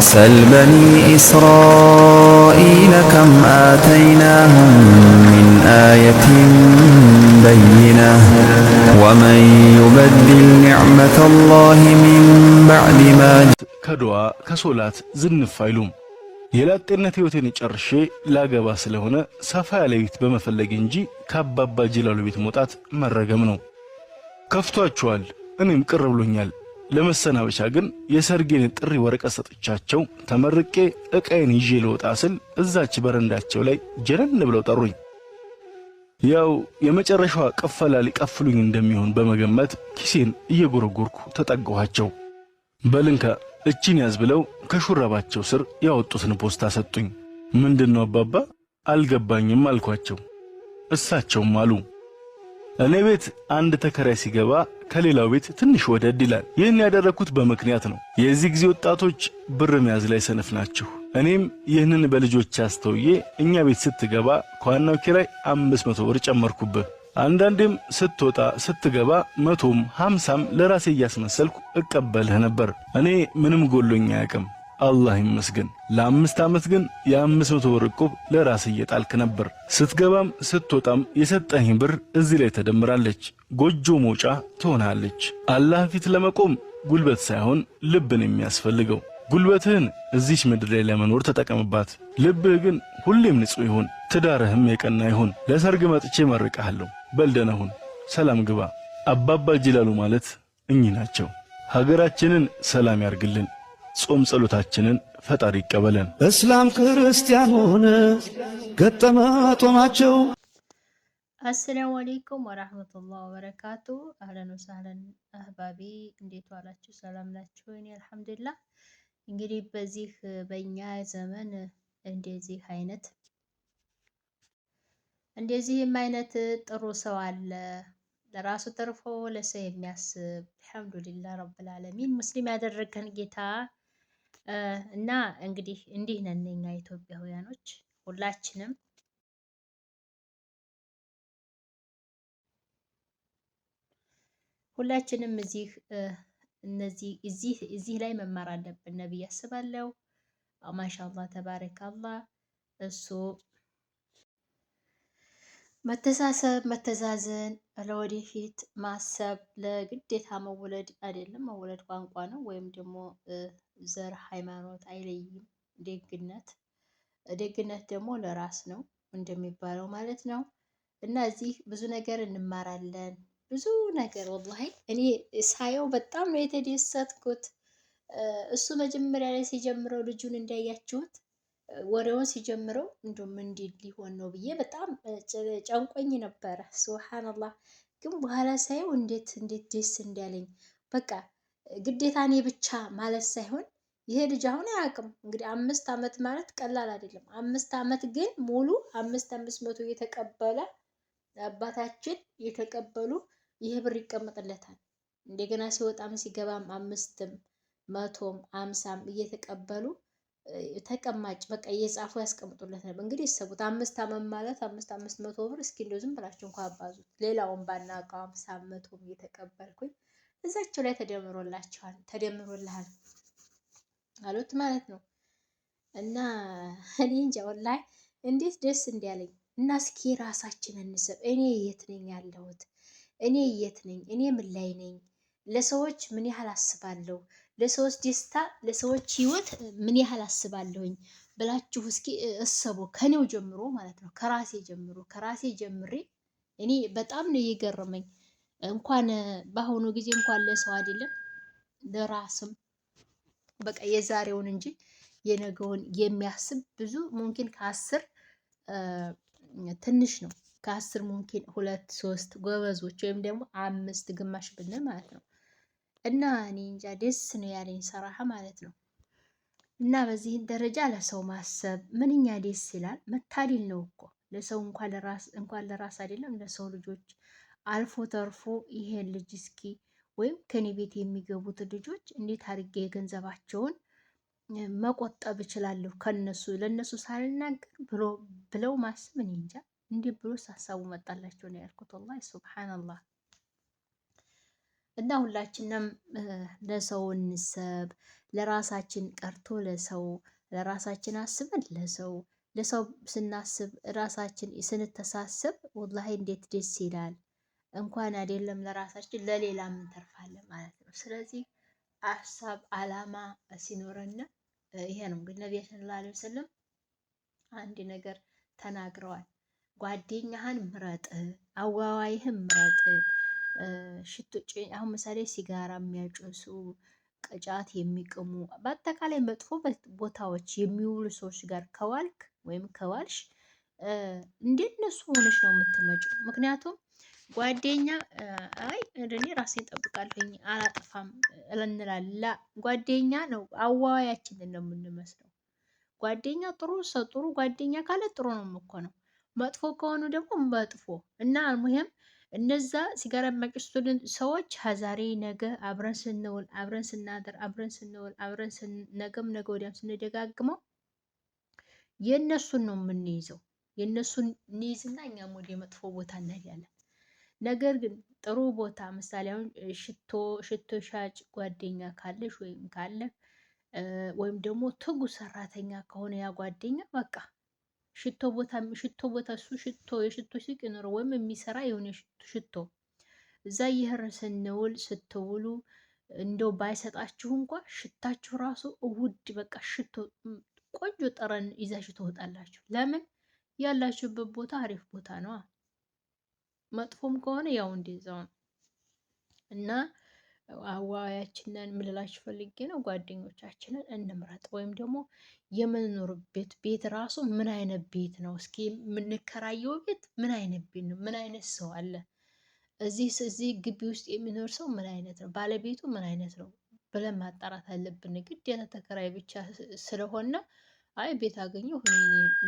سل بني إسرائيل كم آتيناهم من آية بينة ومن يبدل نعمة الله من بعد ما ከዱዓ ከሶላት ዝንፍ አይሉም። የላጤነት ሕይወቴን ጨርሼ ላገባ ስለሆነ ሰፋ ያለ ቤት በመፈለግ እንጂ ከአባባ ጅላሉ ቤት መውጣት መረገም ነው። ከፍቷችኋል። እኔም ቅር ብሎኛል። ለመሰናበቻ ግን የሰርጌን ጥሪ ወረቀት ሰጥቻቸው ተመርቄ ዕቃዬን ይዤ ልወጣ ስል እዛች በረንዳቸው ላይ ጀነን ብለው ጠሩኝ። ያው የመጨረሻዋ ቅፈላ ሊቀፍሉኝ እንደሚሆን በመገመት ኪሴን እየጎረጎርኩ ተጠጋኋቸው። በልንካ እቺን ያዝ ብለው ከሹራባቸው ስር ያወጡትን ፖስታ ሰጡኝ። ነው አባባ አልገባኝም አልኳቸው። እሳቸውም አሉ እኔ ቤት አንድ ተከራይ ሲገባ ከሌላው ቤት ትንሽ ወደድ ይላል። ይህን ያደረግኩት በምክንያት ነው። የዚህ ጊዜ ወጣቶች ብር መያዝ ላይ ሰነፍ ናቸው። እኔም ይህንን በልጆች አስተውዬ እኛ ቤት ስትገባ ከዋናው ኪራይ አምስት መቶ ብር ጨመርኩብህ። አንዳንዴም ስትወጣ ስትገባ መቶም ሀምሳም ለራሴ እያስመሰልኩ እቀበልህ ነበር። እኔ ምንም ጎሎኝ አያውቅም። አላህ ይመስገን። ለአምስት ዓመት ግን የአምስት መቶ ብር ዕቁብ ለራስ እየጣልክ ነበር። ስትገባም ስትወጣም የሰጠኝ ብር እዚህ ላይ ተደምራለች፣ ጎጆ መውጫ ትሆናለች። አላህ ፊት ለመቆም ጉልበት ሳይሆን ልብን የሚያስፈልገው ጉልበትህን እዚች ምድር ላይ ለመኖር ተጠቀምባት። ልብህ ግን ሁሌም ንጹሕ ይሁን፣ ትዳርህም የቀና ይሁን። ለሰርግ መጥቼ መርቀሃለሁ፣ በልደነሁን ሰላም ግባ። አባባ ጅላሉ ማለት እኚህ ናቸው። ሀገራችንን ሰላም ያርግልን። ጾም ጸሎታችንን ፈጣሪ ይቀበለን። እስላም ክርስቲያን ሆነ ገጠመ ጦማቸው። አሰላሙ አሌይኩም ወራህመቱላህ ወበረካቱ። አህለን ወሳህለን አህባቢ፣ እንዴት ዋላችሁ? ሰላም ናችሁ? እኔ አልሐምዱሊላህ። እንግዲህ በዚህ በእኛ ዘመን እንደዚህ አይነት እንደዚህም አይነት ጥሩ ሰው አለ ለራሱ ተርፎ ለሰው የሚያስብ አልሐምዱሊላህ ረብል ዓለሚን። ሙስሊም ያደረገን ጌታ እና እንግዲህ እንዲህ ነን እኛ ኢትዮጵያውያኖች ሁላችንም ሁላችንም እዚህ እነዚህ እዚህ እዚህ ላይ መማር አለብን ብዬ አስባለሁ። ማሻአላህ አላህ እሱ መተሳሰብ፣ መተዛዘን፣ ለወደፊት ማሰብ ለግዴታ መወለድ አይደለም። መወለድ ቋንቋ ነው፣ ወይም ደግሞ ዘር፣ ሃይማኖት አይለይም። ደግነት ደግነት ደግሞ ለራስ ነው እንደሚባለው ማለት ነው። እና እዚህ ብዙ ነገር እንማራለን። ብዙ ነገር ወላሂ እኔ ሳየው በጣም ነው የተደሰትኩት። እሱ መጀመሪያ ላይ ሲጀምረው ልጁን እንዳያችሁት ወሬውን ሲጀምረው እንዲሁም እንዲህ ሊሆን ነው ብዬ በጣም ጨንቆኝ ነበረ። ሱብሃነላህ ግን በኋላ ሳየው እንዴት እንዴት ደስ እንዳለኝ በቃ ግዴታ እኔ ብቻ ማለት ሳይሆን ይሄ ልጅ አሁን አያውቅም። እንግዲህ አምስት ዓመት ማለት ቀላል አይደለም። አምስት ዓመት ግን ሙሉ አምስት አምስት መቶ እየተቀበለ አባታችን የተቀበሉ ይህ ብር ይቀመጥለታል። እንደገና ሲወጣም ሲገባም አምስትም መቶም አምሳም እየተቀበሉ ተቀማጭ በቃ እየጻፉ ያስቀምጡለት ነበር። እንግዲህ ሰቡት አምስት አመት ማለት አምስት አምስት መቶ ብር እስኪ እንደው ዝም ብላችሁ እንኳ አባዙት። ሌላውን ባናውቀው አምሳ መቶም እየተቀበልኩኝ እዛቸው ላይ ተደምሮላችኋል ተደምሮልሃል አሉት ማለት ነው። እና እኔ እንጃ ወላሂ እንዴት ደስ እንዲያለኝ እና እስኪ ራሳችን እንሰብ። እኔ የት ነኝ ያለሁት? እኔ የት ነኝ? እኔ ምን ላይ ነኝ? ለሰዎች ምን ያህል አስባለሁ? ለሰዎች ደስታ ለሰዎች ህይወት ምን ያህል አስባለሁኝ ብላችሁ እስኪ እሰቡ። ከኔው ጀምሮ ማለት ነው፣ ከራሴ ጀምሮ ከራሴ ጀምሬ እኔ በጣም ነው የገረመኝ። እንኳን በአሁኑ ጊዜ እንኳን ለሰው አይደለም ለራስም በቃ የዛሬውን እንጂ የነገውን የሚያስብ ብዙ ሙምኪን ከአስር ትንሽ ነው። ከአስር ሙምኪን ሁለት ሶስት ጎበዞች ወይም ደግሞ አምስት ግማሽ ብንል ማለት ነው እና እኔ እንጃ ደስ ነው ያለኝ ሰራሃ ማለት ነው። እና በዚህ ደረጃ ለሰው ማሰብ ምንኛ ደስ ይላል። መታደል ነው እኮ ለሰው እንኳን ለራስ አይደለም ለሰው ልጆች አልፎ ተርፎ ይሄን ልጅ እስኪ ወይም ከኔ ቤት የሚገቡት ልጆች እንዴት አድርጌ የገንዘባቸውን መቆጠብ እችላለሁ ከነሱ ለነሱ ሳልናገር ብሎ ብለው ማሰብ እኔ እንጃ እንዴት ብሎ ሳሳቡ መጣላቸው ነው ያልኩት። ወላሂ ሱብሃነላህ እና ሁላችንም ለሰው እንሰብ፣ ለራሳችን ቀርቶ ለሰው ለራሳችን አስበን ለሰው ለሰው ስናስብ ራሳችን ስንተሳስብ ወላሂ እንዴት ደስ ይላል። እንኳን አይደለም ለራሳችን ለሌላም እንተርፋለን ማለት ነው። ስለዚህ አሳብ አላማ ሲኖረን ይሄ ነው እንግዲህ ነቢያችን ላ ስልም አንድ ነገር ተናግረዋል። ጓደኛህን ምረጥ፣ አዋዋይህን ምረጥ ሽቶ አሁን ምሳሌ ሲጋራ የሚያጨሱ ቅጫት የሚቅሙ በአጠቃላይ መጥፎ ቦታዎች የሚውሉ ሰዎች ጋር ከዋልክ ወይም ከዋልሽ እንደነሱ ሆነሽ ነው የምትመጪው። ምክንያቱም ጓደኛ አይ እኔ ራሴን እጠብቃለሁኝ አላጠፋም እንላለን። ጓደኛ ነው አዋዋያችንን ነው የምንመስለው። ጓደኛ ጥሩ ሰው ጥሩ ጓደኛ ካለ ጥሩ ነው እኮ ነው። መጥፎ ከሆኑ ደግሞ መጥፎ እና ሙሄም እነዛ ሲጋራ የሚያጭሱልን ሰዎች ከዛሬ ነገ አብረን ስንውል አብረን ስናደር አብረን ስንውል አብረን ነገም ነገ ወዲያም ስንደጋግመው የእነሱን ነው የምንይዘው። የእነሱን እንይዝና እኛም ወደ መጥፎ ቦታ እንሄዳለን። ነገር ግን ጥሩ ቦታ ምሳሌ አሁን ሽቶ ሽቶ ሻጭ ጓደኛ ካለሽ ወይም ካለ ወይም ደግሞ ትጉ ሰራተኛ ከሆነ ያ ጓደኛ በቃ ሽቶ ቦታ ሽቶ ቦታ እሱ ሽቶ የሽቶ ሱቅ ይኖረው ወይም የሚሰራ የሆነ ሽቶ እዛ ይህር ስንውል ስትውሉ እንደው ባይሰጣችሁ እንኳ ሽታችሁ ራሱ ውድ በቃ ሽቶ ቆንጆ ጠረን ይዛችሁ ትወጣላችሁ። ለምን ያላችሁበት ቦታ አሪፍ ቦታ ነዋ። መጥፎም ከሆነ ያው እንደዛው ነው እና አዋያችንን ምልላችሁ ፈልጌ ነው። ጓደኞቻችንን እንምረጥ ወይም ደግሞ የምንኖርበት ቤት ራሱ ምን አይነት ቤት ነው? እስኪ የምንከራየው ቤት ምን አይነት ቤት ነው? ምን አይነት ሰው አለ? እዚህ እዚህ ግቢ ውስጥ የሚኖር ሰው ምን አይነት ነው? ባለቤቱ ምን አይነት ነው ብለን ማጣራት አለብን። ግዴታ ተከራይ ብቻ ስለሆነ አይ ቤት አገኘሁ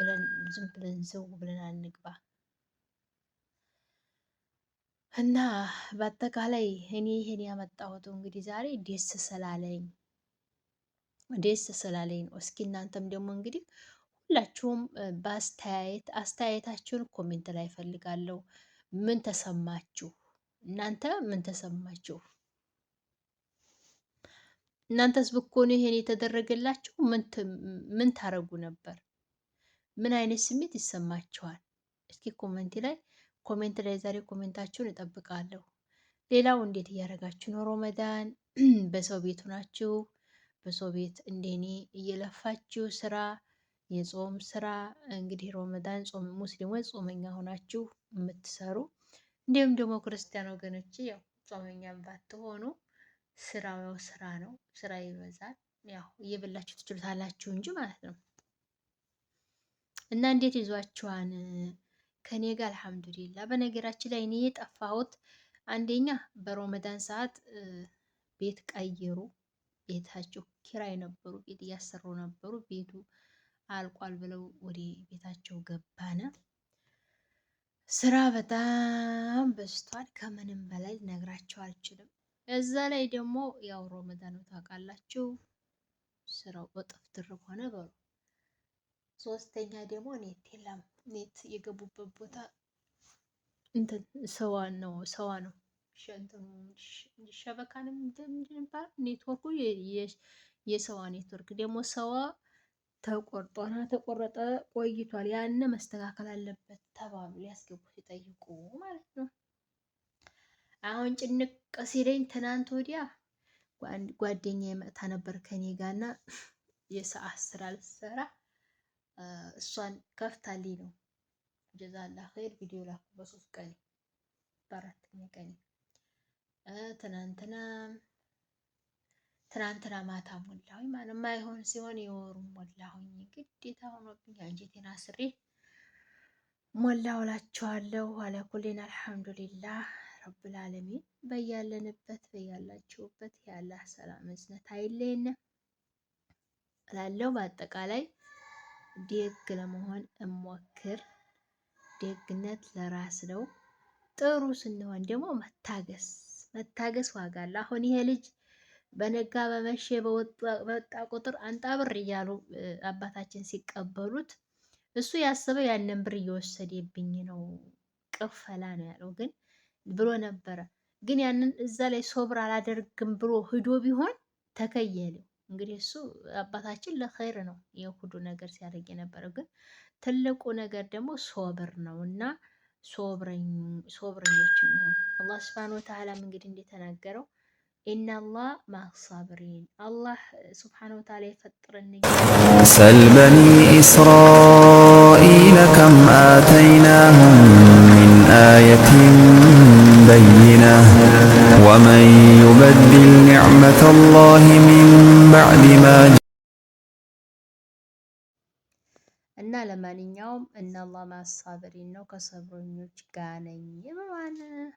ብለን ዝም ብለን ዘው ብለን አንግባ። እና በአጠቃላይ እኔ ይሄን ያመጣሁት እንግዲህ ዛሬ ደስ ስላለኝ ደስ ስላለኝ ነው። እስኪ እናንተም ደግሞ እንግዲህ ሁላችሁም በአስተያየት አስተያየታችሁን ኮሜንት ላይ ፈልጋለሁ ምን ተሰማችሁ? እናንተ ምን ተሰማችሁ? እናንተስ ብኮኑ ይሄን የተደረገላችሁ ምን ታረጉ ነበር? ምን አይነት ስሜት ይሰማችኋል? እስኪ ኮሜንት ላይ ኮሜንት ላይ ዛሬ ኮሜንታችሁን እጠብቃለሁ። ሌላው እንዴት እያደረጋችሁ ነው? ሮመዳን በሰው ቤቱ ናችሁ? በሰው ቤት እንደኔ እየለፋችሁ ስራ የጾም ስራ እንግዲህ ሮመዳን ጾም ሙስሊሞች ጾመኛ ሆናችሁ የምትሰሩ እንዲሁም ደግሞ ክርስቲያን ወገኖች ያው ጾመኛም ባትሆኑ ስራው ያው ስራ ነው። ስራ ይበዛል። ያው እየበላችሁ ትችሉታላችሁ እንጂ ማለት ነው እና እንዴት ይዟችኋን ከኔ ጋር አልሐምዱሊላ። በነገራችን ላይ እኔ የጠፋሁት አንደኛ በሮመዳን ሰዓት ቤት ቀይሩ፣ ቤታቸው ኪራይ ነበሩ፣ ቤት እያሰሩ ነበሩ። ቤቱ አልቋል ብለው ወደ ቤታቸው ገባነ። ስራ በጣም በዝቷል። ከምንም በላይ ነግራቸው አልችልም። እዛ ላይ ደግሞ ያው ሮመዳን ታውቃላችሁ፣ ስራው በጥፍ ድርብ ሆነ በሉ ሶስተኛ ደግሞ ኔት የለም። ኔት የገቡበት ቦታ እንትን ሰዋ ነው ሰዋ ነው ሸበካንም እንደሚባል ኔትወርኩ የሰዋ ኔትወርክ ደግሞ ሰዋ ተቆርጧና ተቆረጠ ቆይቷል። ያነ መስተካከል አለበት ተባሉ ሊያስገቡ ሲጠይቁ ማለት ነው። አሁን ጭንቅ ሲለኝ ትናንት ወዲያ ጓደኛ የመጣ ነበር ከኔ ጋር እና የሰዓት ስራ ልትሰራ እሷን ከፍታልኝ ነው። ጀዛላ ኸይር ቪዲዮ ላኩ በሶስት ቀን በአራተኛ ቀን ትናንትና ትናንትና ማታ ሞላሁኝ ማለት ማይሆን ሲሆን የወሩ ሞላሁኝ። ግዴታ ሆኖብኝ አንጀቴን አስሬ ሞላሁ እላችኋለሁ። አለኩሌን አልሐምዱሊላህ ረብል ዓለሚን። በያለንበት በያላችሁበት የአላህ ሰላም እዝነት አይለየን እላለሁ። በአጠቃላይ ደግ ለመሆን እሞክር። ደግነት ለራስ ነው። ጥሩ ስንሆን ደግሞ መታገስ መታገስ ዋጋ አለ። አሁን ይሄ ልጅ በነጋ በመሸ በወጣ ቁጥር አንጣብር እያሉ አባታችን ሲቀበሉት እሱ ያሰበው ያንን ብር እየወሰደብኝ ነው ቅፈላ ነው ያለው ግን ብሎ ነበረ። ግን ያንን እዛ ላይ ሶብር አላደርግም ብሎ ሂዶ ቢሆን ተከየለው እንግዲህ እሱ አባታችን ለኸይር ነው የሁሉ ነገር ሲያደርግ የነበረው። ግን ትልቁ ነገር ደግሞ ሶብር ነው እና ሶብረኞች እንሆን። አላህ ስብሃነ ወተዓላም እንግዲህ እንደተናገረው ኢነላህ ማሳብሪን አላህ ስብሃነ ወተዓላ የፈጠረን ሰልበኒ እስራኢል ከም አተይናሁም ሚን አየትን بينة ومن يبدل نعمة الله من بعد ما أنا لما نيوم أن الله مع الصابرين وكصبرين وشكانين